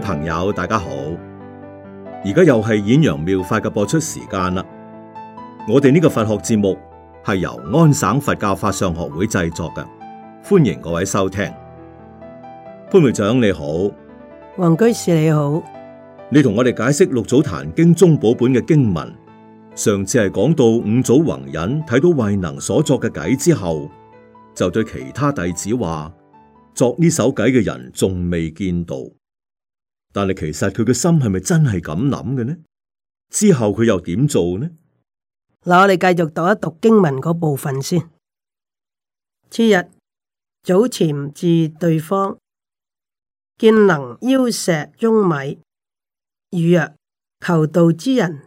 朋友，大家好，而家又係《演揚妙妙法》嘅播出時間啦。我哋呢個佛學節目係由安省佛教法相學會製作嘅，歡迎各位收聽。潘會長你好，黃居士你好，你同我哋解釋《六祖壇經》中寶本嘅經文。上次係講到五祖弘忍睇到慧能所作嘅偈之後，就對其他弟子話：作呢首偈嘅人仲未見到。」但係其實佢嘅心係咪真係咁諗嘅呢？之後佢又點做呢？嗱，我哋繼續讀一讀經文嗰部分先。次日早前至對方見能邀石中米，語曰：求道之人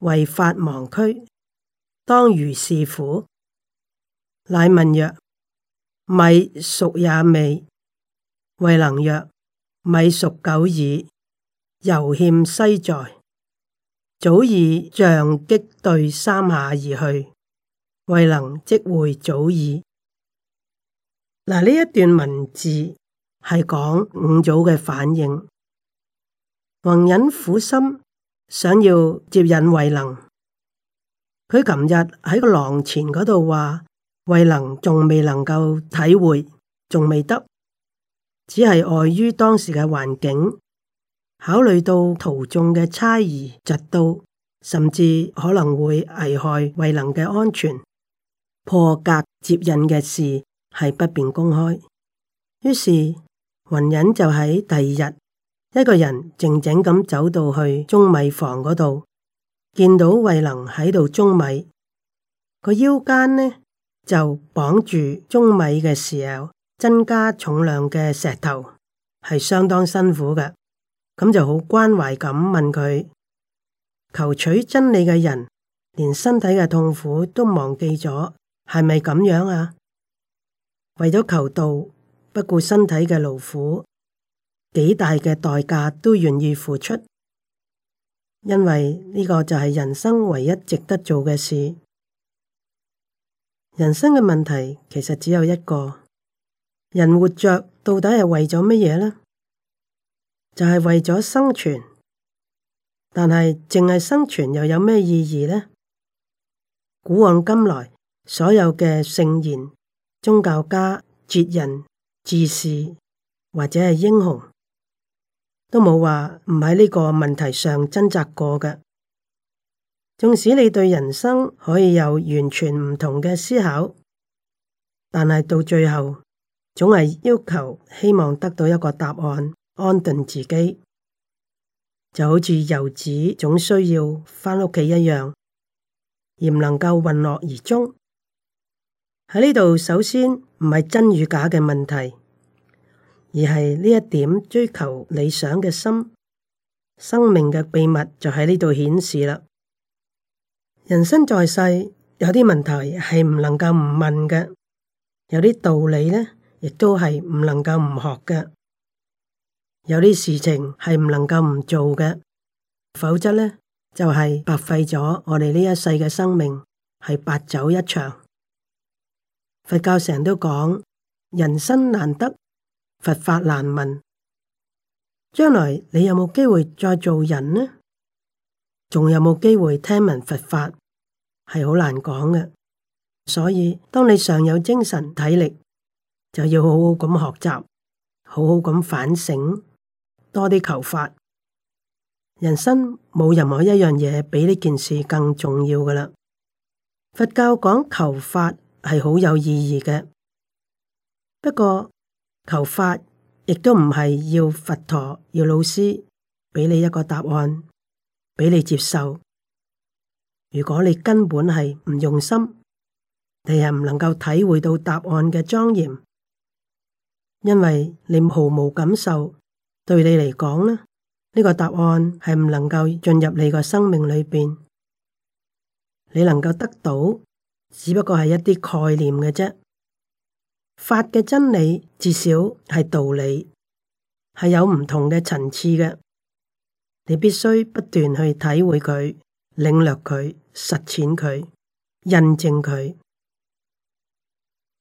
為法盲區，當如是苦。乃民曰：米熟也未。為」慧能曰。米熟久矣，猶欠篩在。祖以杖擊碓三下而去，慧能即會祖意。嗱，呢一段文字係講五祖嘅反應。弘忍苦心想要接引慧能，佢琴日喺個廊前嗰度話，慧能仲未能夠體會，仲未得。只係礙於當時嘅環境，考慮到徒眾嘅差異、嫉妒，甚至可能會危害慧能嘅安全，破格接引嘅事係不便公開。於是弘忍就喺第二日，一個人靜靜咁走到去舂米房嗰度，見到慧能喺度舂米，個腰間呢就綁住舂米嘅時候。增加重量嘅石頭係相當辛苦嘅，咁就好關懷咁問佢：求取真理嘅人，連身體嘅痛苦都忘記咗，係咪咁樣啊？為咗求道，不顧身體嘅勞苦，幾大嘅代價都願意付出，因為呢個就係人生唯一值得做嘅事。人生嘅問題其實只有一個。人活着到底係為咗乜嘢呢？就係為咗生存，但係淨係生存又有咩意義呢？古往今來，所有嘅聖賢、宗教家、哲人、智士或者係英雄，都冇話唔喺呢個問題上掙扎過嘅。縱使你對人生可以有完全唔同嘅思考，但係到最後，總係要求，希望得到一個答案，安頓自己，就好似遊子總需要返屋企一樣，而唔能夠混落而終。喺呢度，首先唔係真與假嘅問題，而係呢一點追求理想嘅心，生命嘅秘密就喺呢度顯示啦。人生在世，有啲問題係唔能夠唔問嘅，有啲道理呢？亦都係唔能夠唔學嘅，有啲事情係唔能夠唔做嘅，否則呢，就係、是、白費咗我哋呢一世嘅生命，係白走一場。佛教成日都講，人生難得，佛法難聞。將來你有冇機會再做人呢？仲有冇機會聽聞佛法？係好難講嘅。所以當你尚有精神體力。就要好好咁學習，好好咁反省，多啲求法。人生冇任何一樣嘢比呢件事更重要㗎喇。佛教講求法係好有意義嘅，不過求法亦都唔係要佛陀，要老師俾你一個答案，俾你接受。如果你根本係唔用心，你係唔能夠體會到答案嘅莊嚴。因為你毫無感受，對你嚟講咧，呢、呢個答案係唔能夠進入你個生命裏邊。你能夠得到，只不過係一啲概念嘅啫。法嘅真理至少係道理，係有唔同嘅層次嘅。你必須不斷去體會佢、領略佢、實踐佢、印證佢。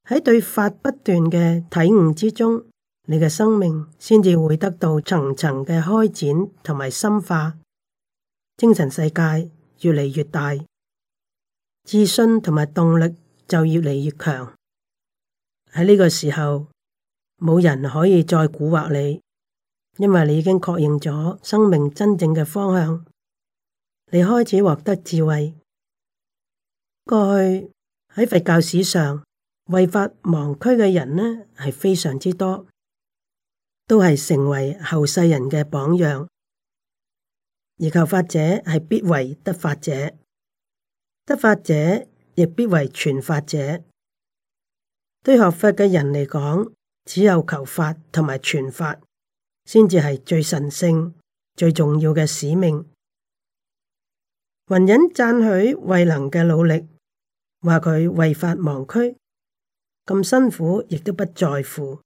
喺對法不斷嘅體悟之中，你嘅生命先至會得到層層嘅開展同埋深化，精神世界越嚟越大，自信同埋動力就越嚟越強。喺呢個時候，冇人可以再蠱惑你，因為你已經確認咗生命真正嘅方向。你開始獲得智慧。過去喺佛教史上，為法忘軀嘅人呢，係非常之多，都係成為後世人嘅榜樣。而求法者係必為得法者，得法者亦必為傳法者。對學法嘅人嚟講，只有求法同埋傳法，先至係最神聖、最重要嘅使命。雲隱讚許慧能嘅努力，話佢為法忘軀。咁辛苦亦都不在乎。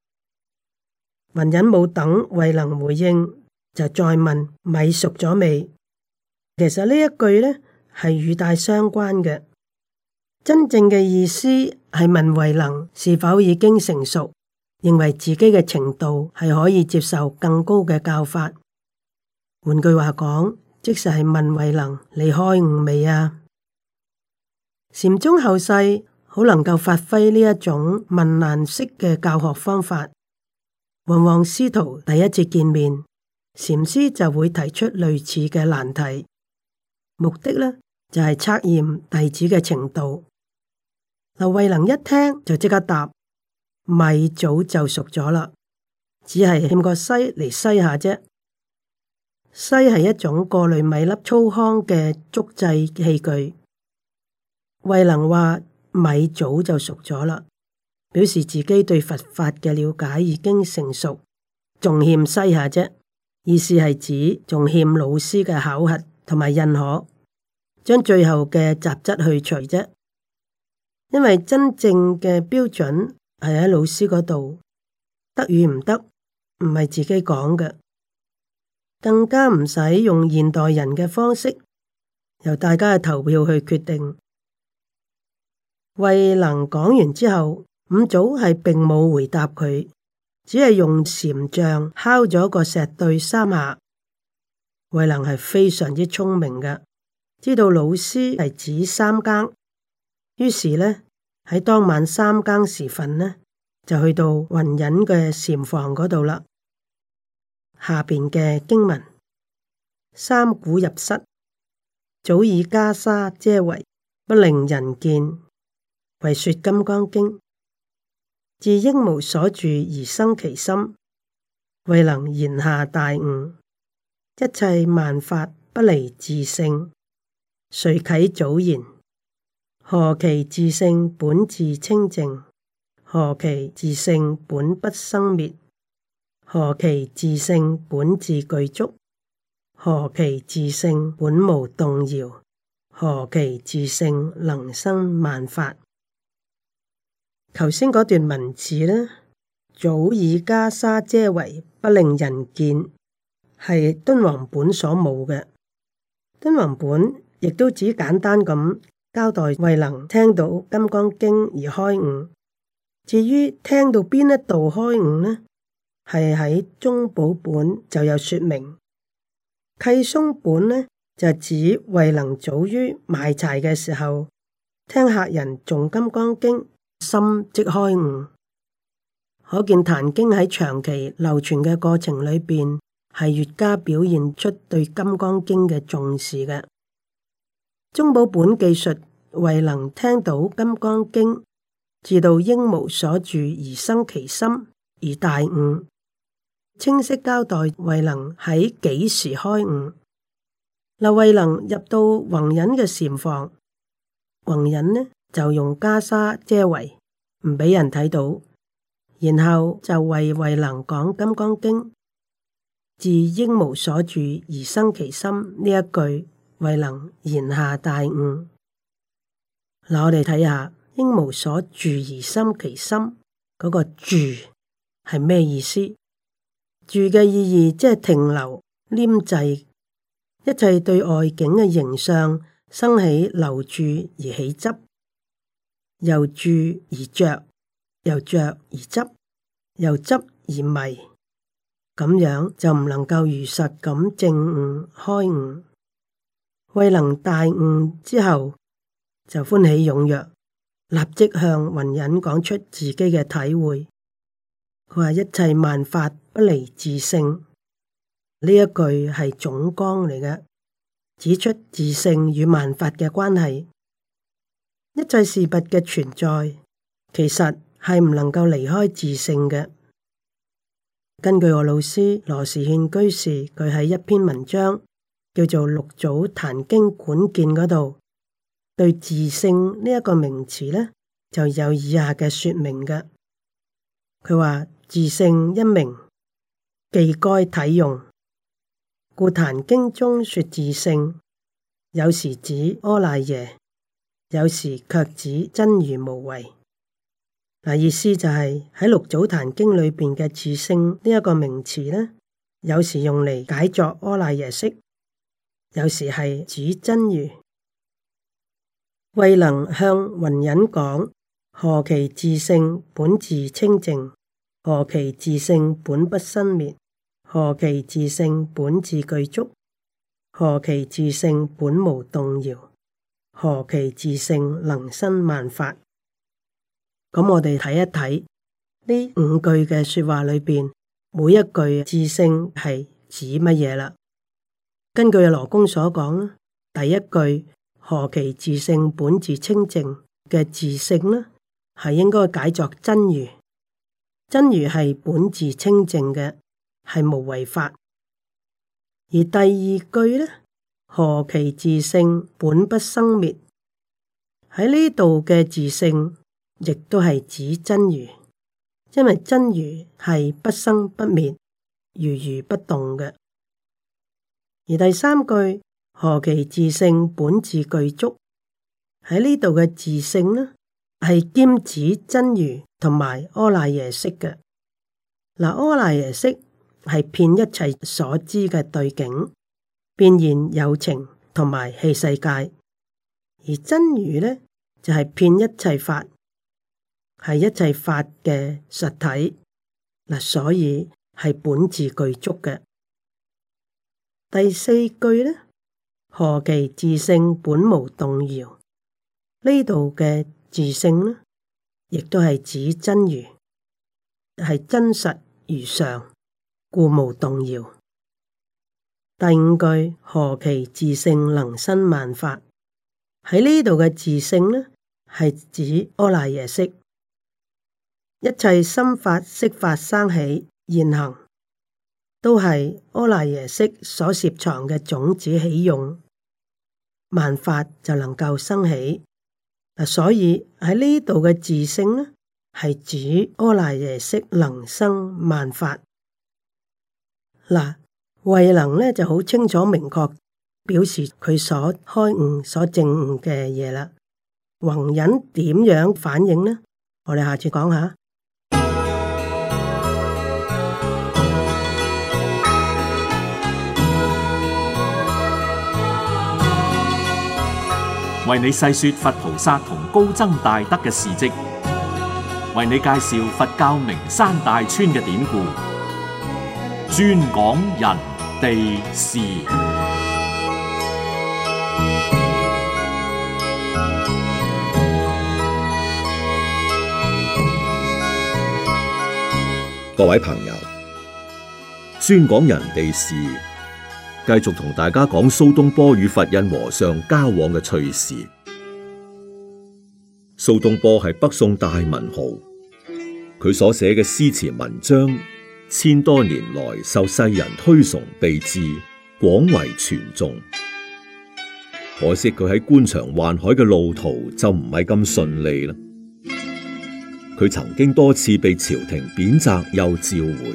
弘忍冇等慧能回應，就再問米熟咗未？其實呢一句呢，係語帶相關嘅，真正嘅意思係問慧能是否已經成熟，認為自己嘅程度係可以接受更高嘅教法。換句話講，即使係問慧能離開悟未啊？禪宗後世。好能夠發揮呢一種問難式嘅教學方法。往往師徒第一次見面，禪師就會提出類似嘅難題，目的呢就係、是、測驗弟子嘅程度。劉慧能一聽就即刻答：米早就熟咗啦，只係欠個篩嚟篩下啫。篩係一種過濾米粒粗糠嘅竹製器具。慧能話。米早就熟咗啦，表示自己對佛法嘅了解已經成熟，仲欠篩下啫。意思係指仲欠老師嘅考核同埋認可，將最後嘅雜質去除啫。因為真正嘅標準係喺老師嗰度，得與唔得唔係自己講嘅，更加唔使用，用現代人嘅方式，由大家嘅投票去決定。慧能講完之後，五祖係並冇回答佢，只係用禪杖敲咗個石對三下。慧能係非常之聰明嘅，知道老師係指三更，於是呢，喺當晚三更時分呢，就去到雲隱嘅禪房嗰度啦。下邊嘅經文：三鼓入室，早已袈裟遮圍，不令人見。為說金剛經，自應無所住而生其心，未能言下大悟。一切萬法不離自性，誰啟祖言？何其自性本自清淨！何其自性本不生滅！何其自性本自具足！何其自性本無動搖！何其自性能生萬法！頭先嗰段文字呢，祖以袈裟遮圍，不令人見，係敦煌本所冇嘅。敦煌本亦都只簡單咁交代慧能聽到《金剛經》而開悟。至於聽到邊一度開悟呢，係喺中寶本就有説明。契松本呢，就指慧能早於賣柴嘅時候聽客人誦《金剛經》。心即開悟，可見《壇經》喺長期流傳嘅過程裏邊，係越加表現出對《金剛經》嘅重視嘅。宗寶本技術，慧能聽到《金剛經》，至到應無所住而生其心而大悟，清晰交代慧能喺幾時開悟。劉慧能入到弘忍嘅禪房，弘忍呢？就用袈裟遮圍，唔俾人睇到，然後就為慧能講《金剛經》，自應無所住而生其心呢一句，慧能言下大悟。嗱，我哋睇下，應無所住而生其心嗰個住係咩意思？住嘅意義即係停留黏滯，一切對外境嘅形象生起留住而起執。又住而着，由着而執，又執而迷，咁樣就唔能夠如實咁正悟開悟。惠能大悟之後，就歡喜踊躍，立即向弘忍講出自己嘅體會。佢話一切萬法不離自性，呢一句係總綱嚟嘅，指出自性與萬法嘅關係。一切事物嘅存在，其實係唔能夠離開自性嘅。根據我老師羅士憲居士，佢喺一篇文章叫做《六祖壇經管見》嗰度，對自性呢一個名詞咧，就有以下嘅說明嘅。佢話自性一名，既該體用，故壇經中說自性，有時指阿賴耶。有時卻指真如無為，嗱意思就係、是、喺六祖壇經裏邊嘅自性呢一個名詞呢，有時用嚟解作阿賴耶識，有時係指真如。惠能向雲隱講：何其自性本自清淨？何其自性本不生滅？何其自性本自具足？何其自性本，本無動搖？何其自性能生萬法，咁我哋睇一睇呢五句嘅說話裏邊，每一句自性係指乜嘢啦？根據羅公所講，第一句何其自性本自清淨嘅自性呢，係應該解作真如，真如係本自清淨嘅，係無為法。而第二句呢？何其自性本不生滅，喺呢度嘅自性亦都係指真如，因為真如係不生不滅、如如不動嘅。而第三句，何其自性本自具足，喺呢度嘅自性呢，係兼指真如同埋阿賴耶識嘅。嗱，阿賴耶識係遍一切所知嘅對境。變現有情同埋器世界，而真如呢就係、是、遍一切法，係一切法嘅實體嗱，所以係本自具足嘅。第四句呢，何其自性本無動搖？呢度嘅自性呢，亦都係指真如，係真實如常，故無動搖。第五句，何其自性能生萬法？喺呢度嘅自性呢，係指阿賴耶識，一切心法、色法生起現行，都係阿賴耶識所攝藏嘅種子起用，萬法就能夠生起。嗱，所以喺呢度嘅自性呢，係指阿賴耶識能生萬法嗱。慧能呢就好清楚明確表示佢所開悟、所證悟嘅嘢啦。弘忍點樣反應呢？我哋下次講下。為你細說佛菩薩同高僧大德嘅事跡，為你介紹佛教名山大川嘅典故，專講人。地事，各位朋友，宣講人地事，繼續同大家講蘇東坡與佛印和尚交往嘅趣事。蘇東坡係北宋大文豪，佢所寫嘅詩詞文章，千多年來受世人推崇備至，廣為傳頌。可惜佢喺官場宦海嘅路途就唔係咁順利啦。佢曾經多次被朝廷貶謫，又召回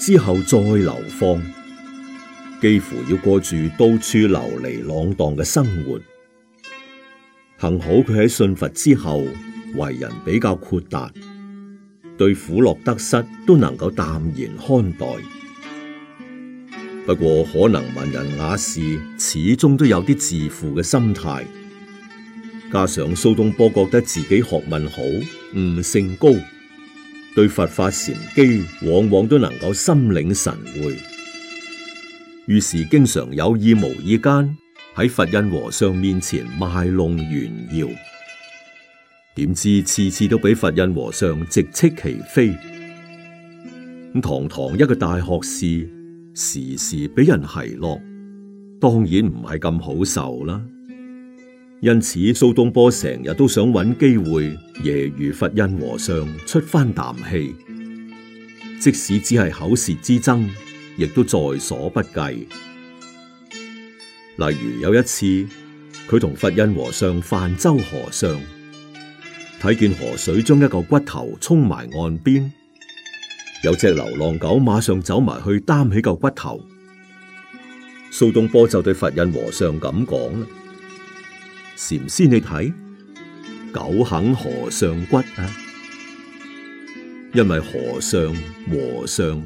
之後再流放，幾乎要過住到處流離浪蕩嘅生活。幸好佢喺信佛之後，為人比較豁達。對苦樂得失都能夠淡然看待，不過可能文人雅士始終都有啲自負嘅心態，加上蘇東坡覺得自己學問好、悟性高，對佛法禪機往往都能夠心領神會，於是經常有意無意間喺佛印和尚面前賣弄炫耀。點知次次都俾佛印和尚直斥其非，咁堂堂一個大學士，時時俾人奚落，當然唔係咁好受啦。因此蘇東坡成日都想揾機會，夜遇佛印和尚出翻啖氣，即使只係口舌之爭，亦都在所不計。例如有一次，佢同佛印和尚泛舟河上。睇見河水將一個骨頭沖埋岸邊，有隻流浪狗馬上走埋去擔起嚿骨頭。蘇東坡就對佛印和尚咁講啦：禪師你睇，狗啃和尚骨啊！因為和尚、和尚，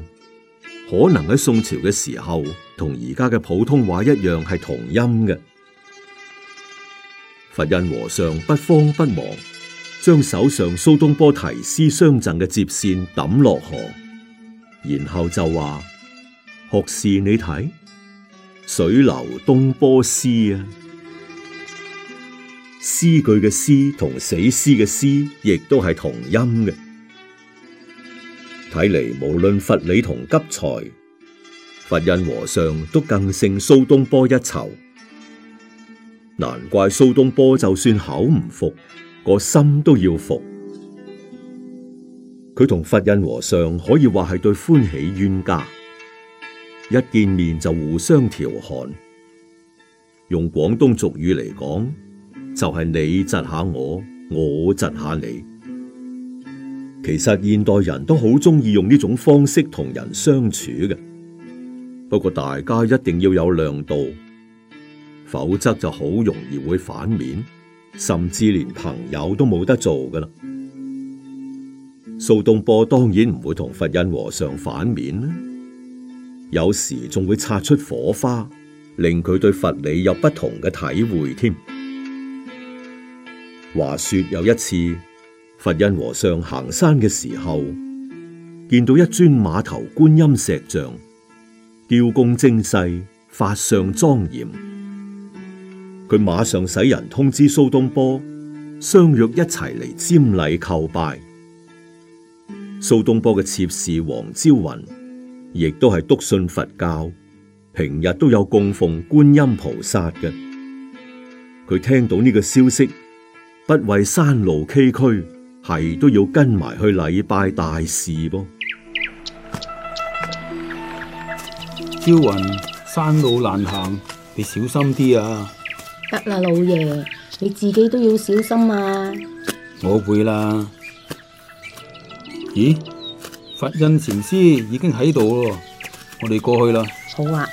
可能喺宋朝嘅時候同而家嘅普通話一樣係同音嘅。佛印和尚不慌不忙。將手上蘇東坡題詩相贈嘅折扇抌落河，然後就話：學士你睇，水流東坡詩啊，詩句嘅詩同死詩嘅詩，亦都係同音嘅。睇嚟無論佛理同急才，佛印和尚都更勝蘇東坡一籌。難怪蘇東坡就算口唔服。個心都要服，佢同佛印和尚可以話係對歡喜冤家，一見面就互相調侃。用廣東俗語嚟講，就係你窒下我，我窒下你。其實現代人都好中意用呢種方式同人相處嘅，不過大家一定要有量度，否則就好容易會反面。甚至連朋友都冇得做噶啦。蘇東坡當然唔會同佛印和尚反面啦，有時仲會擦出火花，令佢對佛理有不同嘅體會添。話說有一次，佛印和尚行山嘅時候，見到一尊馬頭觀音石像，雕工精細，法相莊嚴。佢馬上使人通知蘇東坡，相約一齊嚟占禮叩拜。蘇東坡嘅妾侍王朝雲，亦都係篤信佛教，平日都有供奉觀音菩薩嘅。佢聽到呢個消息，不畏山路崎嶇，係都要跟埋去禮拜大事噃。朝雲，山路難行，你小心啲啊！得啦，老爺，你自己都要小心啊！我會啦。咦，佛印禪師已經喺度咯，我哋過去啦。好啊，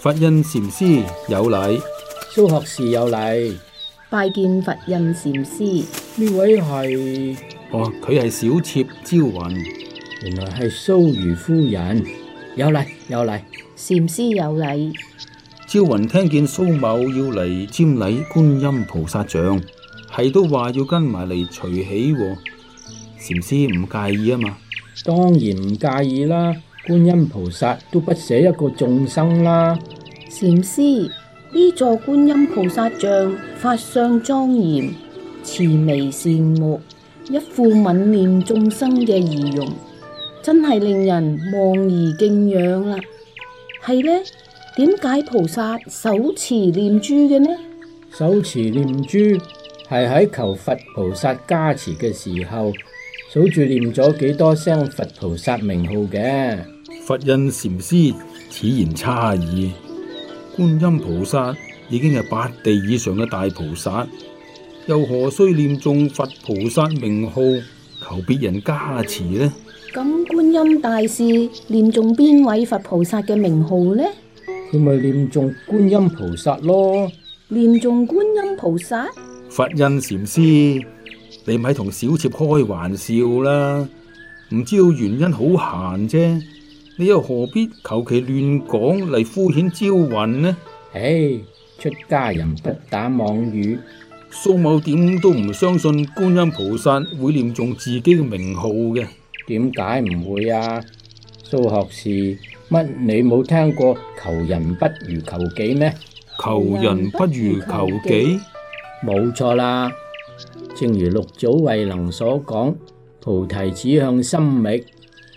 佛印禪師有禮。蘇學士有禮。拜見佛印禪師。呢位係哦，佢係小妾朝雲。原來係蘇如夫人。有禮，有禮。禪師有禮。朝雲聽見蘇某要嚟占禮觀音菩薩像，係都話要跟埋嚟隨喜，禪師唔介意啊嘛？當然唔介意啦，觀音菩薩都不捨一個眾生啦。禪師，呢座觀音菩薩像法相莊嚴，慈眉善目，一副憫念眾生嘅儀容，真係令人望而敬仰啦，啊，係咧。點解菩薩手持念珠嘅呢？手持念珠係喺求佛菩薩加持嘅時候，數住念咗幾多聲佛菩薩名號嘅。佛印禪師此言差矣，觀音菩薩已經係八地以上嘅大菩薩，又何須念誦佛菩薩名號求別人加持呢？咁觀音大士念誦邊位佛菩薩嘅名號呢？佢咪念誦觀音菩薩咯？念誦觀音菩薩？佛印禪師，你咪同小妾開玩笑啦？唔知道原因好閒啫，你又何必求其亂講嚟敷衍朝雲呢？唉，出家人不打妄語。蘇某點都唔相信觀音菩薩會念誦自己嘅名號嘅。點解唔會啊？蘇學士。乜你冇聽過求人不如求己咩？求人不如求己，冇錯啦。正如六祖慧能所講：菩提只向心覓，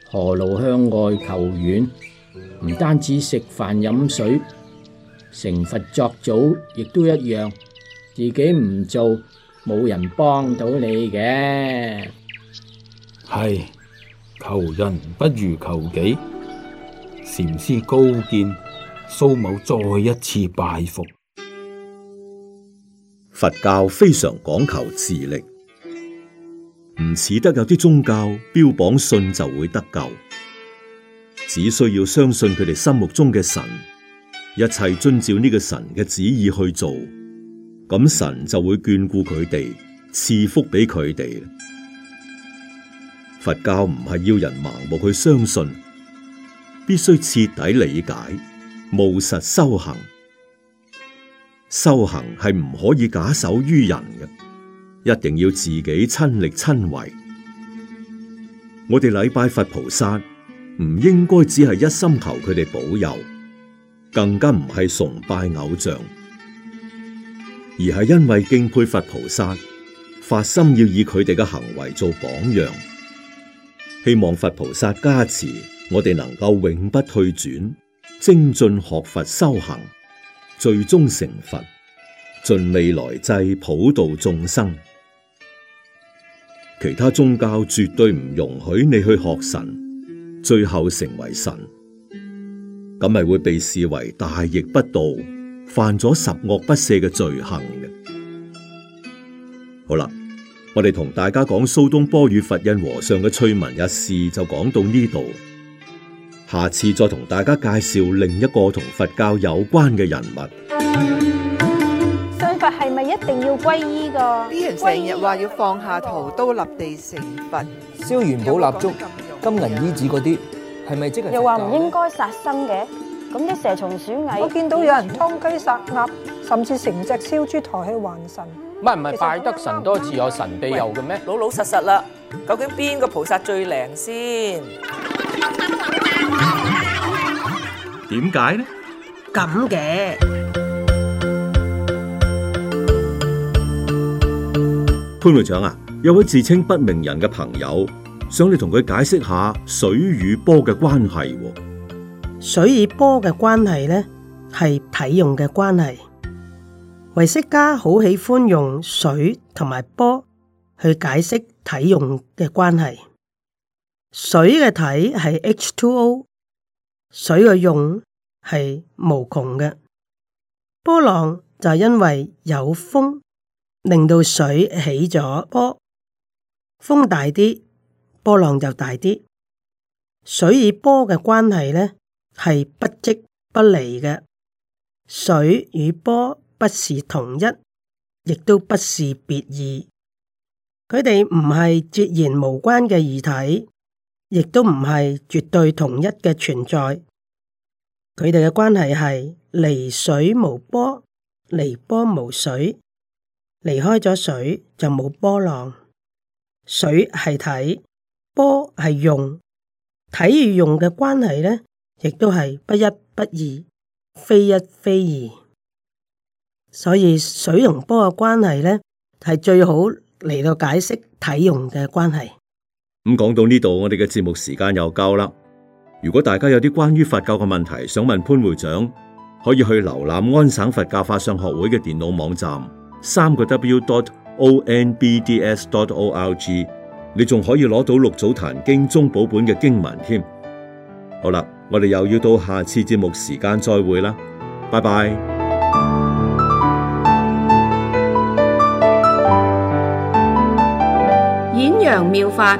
何勞向外求玄？唔單止食飯飲水，成佛作祖亦都一樣，自己唔做，冇人幫到你嘅。係，求人不如求己。禪師高見，蘇某再一次拜服。佛教非常講求自力，唔似得有啲宗教標榜信就會得救，只需要相信佢哋心目中嘅神，一切遵照呢個神嘅旨意去做，咁神就會眷顧佢哋，賜福俾佢哋。佛教唔係要人盲目去相信。必須徹底理解，務實修行。修行係唔可以假手於人嘅，一定要自己親力親為。我哋禮拜佛菩薩，唔應該只係一心求佢哋保佑，更加唔係崇拜偶像，而係因為敬佩佛菩薩，發心要以佢哋嘅行為做榜樣，希望佛菩薩加持，我哋能夠永不退轉，精進學佛修行，最終成佛，盡未來際普度眾生。其他宗教絕對唔容許你去學神，最後成為神，咁咪會被視為大逆不道，犯咗十惡不赦嘅罪行嘅。好啦，我哋同大家講蘇東坡與佛印和尚嘅趣聞一事，就講到呢度。下次再同大家介紹另一個同佛教有關嘅人物。信佛係咪一定要皈依噶？啲人成日話要放下屠刀立地成佛，燒元寶、蠟燭、金銀衣紙嗰啲，係咪即係？又話唔應該殺生嘅，咁，啲蛇蟲鼠蟻，我見到有人劏雞殺鴨，甚至成隻燒豬抬去還神。唔係唔係，拜得神多自有神庇佑嘅咩？老老實實啦，究竟邊個菩薩最靈先？點解呢？咁嘅潘隊長啊，有位自稱不明人嘅朋友想你同佢解釋下水與波嘅關係。水與波嘅關係呢？係體用嘅關係。唯識家好喜歡用水同埋波去解釋體用嘅關係。水嘅體係 H2O。水嘅用係無窮嘅，波浪就因為有風令到水起咗波，風大啲，波浪就大啲。水與波嘅關係呢，係不即不離嘅，水與波不是同一，亦都不是別異，佢哋唔係截然無關嘅異體。亦都唔係絕對同一嘅存在，佢哋嘅關係係離水無波，離波無水，離開咗水就冇波浪。水係體，波係用，體與用嘅關係呢，亦都係不一不二，非一非二。所以水同波嘅關係呢，係最好嚟到解釋體用嘅關係。咁講到呢度，我哋嘅節目時間又夠啦。如果大家有啲關於佛教嘅問題想問潘會長，可以去瀏覽安省佛教法相學會嘅電腦網站，三個 W. dot O N B D S. dot O L G。你仲可以攞到六祖壇經中寶本嘅經文添。好啦，我哋又要到下次節目時間再會啦。拜拜。演揚妙法。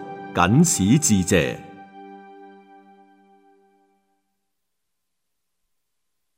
僅此致謝。